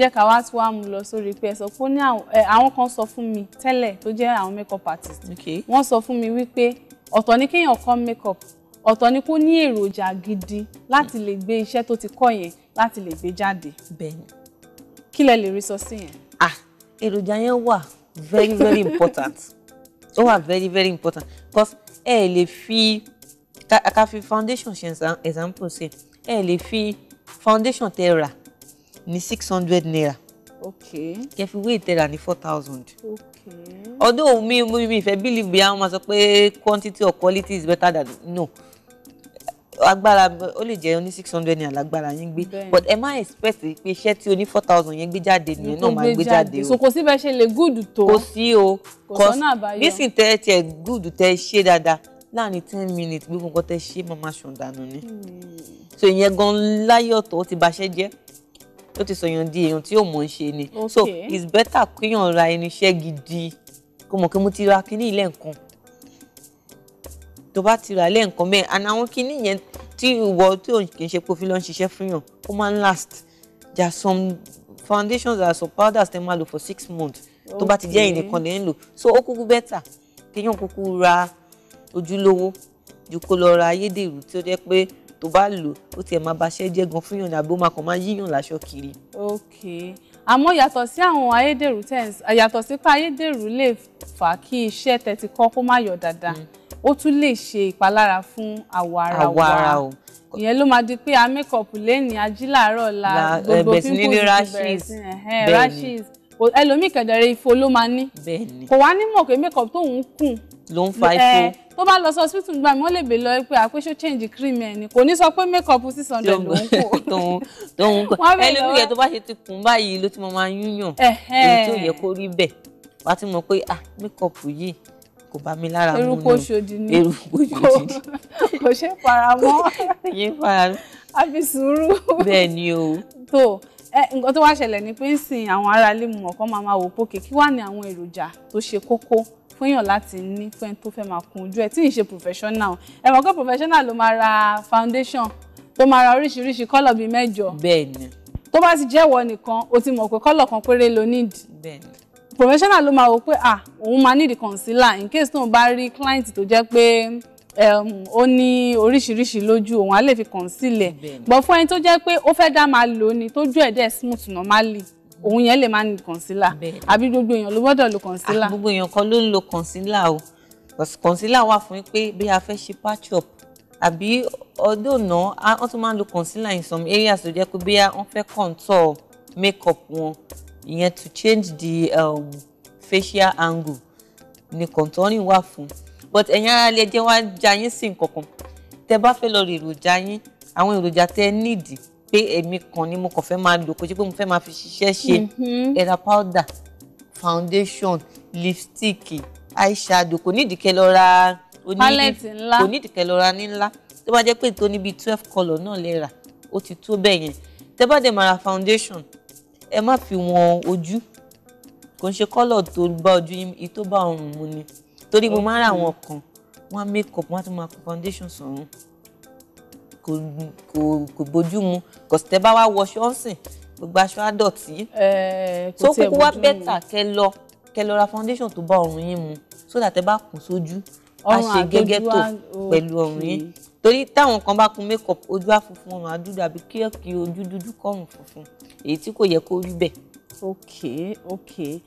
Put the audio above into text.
jẹ́ ká wá tí wàá mú lọ sórí pé ẹ sọ pé ó ní àwọn kan sọ fún mi tẹ́lẹ̀ tó jẹ́ àwọn makeup artist wọ́n sọ fún mi wípé ọ̀tọ̀ ni kéèyàn kọ́ makeup ọ̀tọ̀ ni kó ní èròjà gidi láti lè gbé iṣẹ́ tó ti kọ́ yẹn láti lè gbé jáde. bẹ́ẹ̀ni. kí lẹ lè rí sọ sí yẹn. ah èròjà yẹn wà very very important ó wà very very important because ẹ eh, lè fi ká fi foundation ṣe example ṣe ẹ lè fi foundation tẹ rà ní six hundred naira. okay. kẹ́ fi wé ìtẹ́ra four thousand. okay. Although mi mi mi ìfẹ́ bílí bíi àwọn máa sọ quantity or quality is better than no agbára ó lè jẹ́ oní six hundred naira lágbára yín gbé but ẹ má expect pé iṣẹ́ tí oní four thousand yẹn gbé jáde nìyẹn náà máa gbé jáde o. so kò sí bẹ́ẹ̀ ṣe lè gúùdù tó. kò sí o kò sọ́nà àbáyọ nísìnyí tẹ tiẹ̀ gúùdù tẹ ṣe dáadáa láàrin ten minutes gbogbo nǹkan tẹ ṣe máa máa dànù ni. Hmm. so ìyẹn gan láyọ̀tọ̀ ó ti baṣẹ́ jẹ́ ó ti sọyàn di èèyàn tí ó ń ṣe ni so it's better kéèyàn ra irinṣẹ́ gidi kó mọ̀ pé mo ti ra kinní ilé nǹkan tó bá ti ra ilé nǹkan bẹ́ẹ̀ and àwọn kinní yẹn tí ìwọ tí òun kì í ṣe pé òfin ló ń ṣiṣẹ́ fún yàn ó máa ń last there are some foundations that some powders tẹ́ máa lò for six months tó bá ti jẹ́ ìnìkan lè ń lò so ó kúkú better kéèyàn kúkú ra ojúlówó ju kó lọ ra ayédèrú tí ó jẹ́ pé tó bá lò ó tiẹ̀ máa baṣẹ́ jẹ́ gan fún yàn ní àbí ó máa kàn máa yíyàn láṣọ kiri. ok àmọ́ yàtọ̀ sí àwọn ayédèrú tens yàtọ̀ sí pé ayédèrú lè fà kí iṣẹ́ tẹ́tí kọ́ kó má yọ dáadáa mm. ó tún lè ṣe ìpalára fún àwọ̀ ara wa ìyẹn ló máa di pé a make lẹ́ni ají la gbogbo pimples bẹ̀rẹ̀ sí rashes ẹlòmíì kẹdẹrẹ ifo ló máa ní kò wá nímọ̀ pé makeup tóun kùn ló ń fa ifo tó bá lọ sọ hospital gbà mí wọ́n lè bè lọ pé àpéṣó change cream ẹ̀ ni kò ní sọ pé makeup six hundred ló ń kó tóun kọ ẹlòmíì yẹn tó bá ṣe ti kùn báyìí ló ti mọ máa yúnyàn èyí tó yẹ kó rí bẹ́ẹ̀ wá ti mọ̀ pé ah makeup yìí kò bá mi lára mú ni eruku oṣòdì ni eruku oṣòdì ni kò ṣe fara mọ́ kò ṣe fara mọ́ àfi sùúrù bẹ́ẹ̀ ni o tó Eh, nǹkan tó wá ṣẹlẹ̀ ní pé ń sìn àwọn aráalé mu ọ̀kan máa máa wò pókè kí wá ní àwọn èròjà tó ṣe kókó fún èèyàn láti ní fẹ́ni tó fẹ́ máa kun ojú ẹ̀ tí ì ṣe professional ẹ mọ̀ pé professional ló máa ra foundation tó máa ra oríṣiríṣi kọ́lọ̀ bíi mẹ́jọ. bẹ́ẹ̀ni. tó bá ti jẹ́wọ́ nìkan o ti mọ̀ pé kọ́lọ̀ kan péré ló need. bẹ́ẹ̀ni. professional ló máa wò pé ah òun máa need concealer in case tóun bá rí client tó jẹ́ pé ó ní oríṣiríṣi lójú òun á lè fi concealer but fún ẹni tó jẹ́ pé ó fẹ́ dá máa lò ní tójú ẹ̀ dẹ̀ smooth normally òun yẹn lè máa ní concealer àbí gbogbo èèyàn ló gbọ́dọ̀ lo concealer. gbogbo èèyàn kan ló ń lo concealer o concealer wà fún pé bí a fẹ́ ṣe patch up àbí ọdún náà wọ́n tún máa ń lo concealer in some areas tó jẹ́ pé bí wọ́n fẹ́ contour makeup wọn ìyẹn to change the um, facial angle ni contouring wà fún but ẹ̀yin ara lè jẹ́ wá já yín sí nǹkan kan tẹ bá fẹ́ lọ rí èròjà yín àwọn èròjà tẹ nídìí pé èmi kan ni mo kàn fẹ́ máa lò kó jẹ́ pé mo fẹ́ máa fi ṣiṣẹ́ ṣe mm-hmm. ẹ powder foundation lipstick eyeshadow kò nídìí kẹ́ lọ ra palette ńlá kò nídìí kẹ́ lọ ra ní ńlá tó bá jẹ́ pé tó níbi twelve colour náà lè rà ó ti tó bẹ́ẹ̀ yẹn tẹ bá dẹ̀ máa ra foundation ẹ má fi wọn ojú kò ń ṣe kọ́lọ̀ tó bá ojú yín tó bá ọrùn mu ni torí mo máa ń ra àwọn mm. kan wọ́n á make up wọ́n á tún máa kó foundation sọ̀rùn kò kò kò bójú mu kò sì tẹ́ bá wá wọ ṣọ́ọ̀sìn gbogbo aṣọ àdọ̀tí tó kúkú wá bẹ́tà kẹ́ lọ kẹ́ lọ ra foundation tó bá ọrùn yín mu so that ẹ bá kùn sójú a ṣe gẹ́gẹ́ tó pẹ̀lú ọrùn yín torí táwọn kan bá kun make up ojú á funfun ọrùn á dúdú àbí kí ọkì ojú dúdú kọrùn funfun èyí tí kò yẹ kó rí bẹ́ẹ̀. okay okay.